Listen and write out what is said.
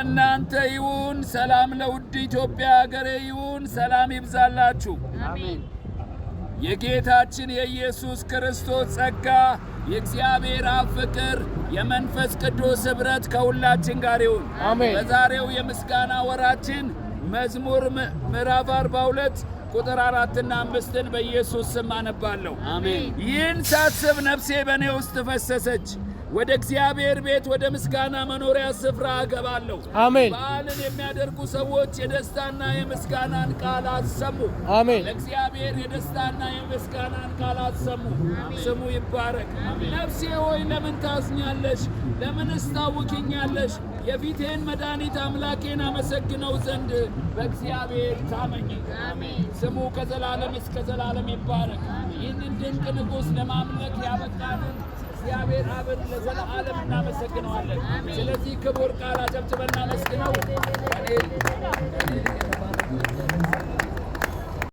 እናንተ ይሁን። ሰላም ለውድ ኢትዮጵያ ሀገሬ ይሁን። ሰላም ይብዛላችሁ። የጌታችን የኢየሱስ ክርስቶስ ጸጋ፣ የእግዚአብሔር አብ ፍቅር፣ የመንፈስ ቅዱስ ኅብረት ከሁላችን ጋር ይሁን። በዛሬው የምስጋና ወራችን መዝሙር ምዕራፍ 42 ቁጥር አራትና አምስትን በኢየሱስ ስም አነባለሁ። ይህን ሳስብ ነፍሴ በእኔ ውስጥ ፈሰሰች ወደ እግዚአብሔር ቤት ወደ ምስጋና መኖሪያ ስፍራ አገባለሁ። አሜን። በዓልን የሚያደርጉ ሰዎች የደስታና የምስጋናን ቃል አሰሙ። አሜን። ለእግዚአብሔር የደስታና የምስጋናን ቃል አሰሙ። ስሙ ይባረክ። ነፍሴ ሆይ ለምን ታዝኛለሽ? ለምንስ እስታውኪኛለሽ? የፊቴን መድኃኒት አምላኬን አመሰግነው ዘንድ በእግዚአብሔር ታመኝ። ስሙ ከዘላለም እስከ ዘላለም ይባረክ። ይህንን ድንቅ ንጉሥ ለማምለክ ያበቃንን እግዚአብሔር አብን ለዘለዓለም እናመሰግነዋለን። ስለዚህ ክቡር ቃል አጨብጭበን እናመስግነው።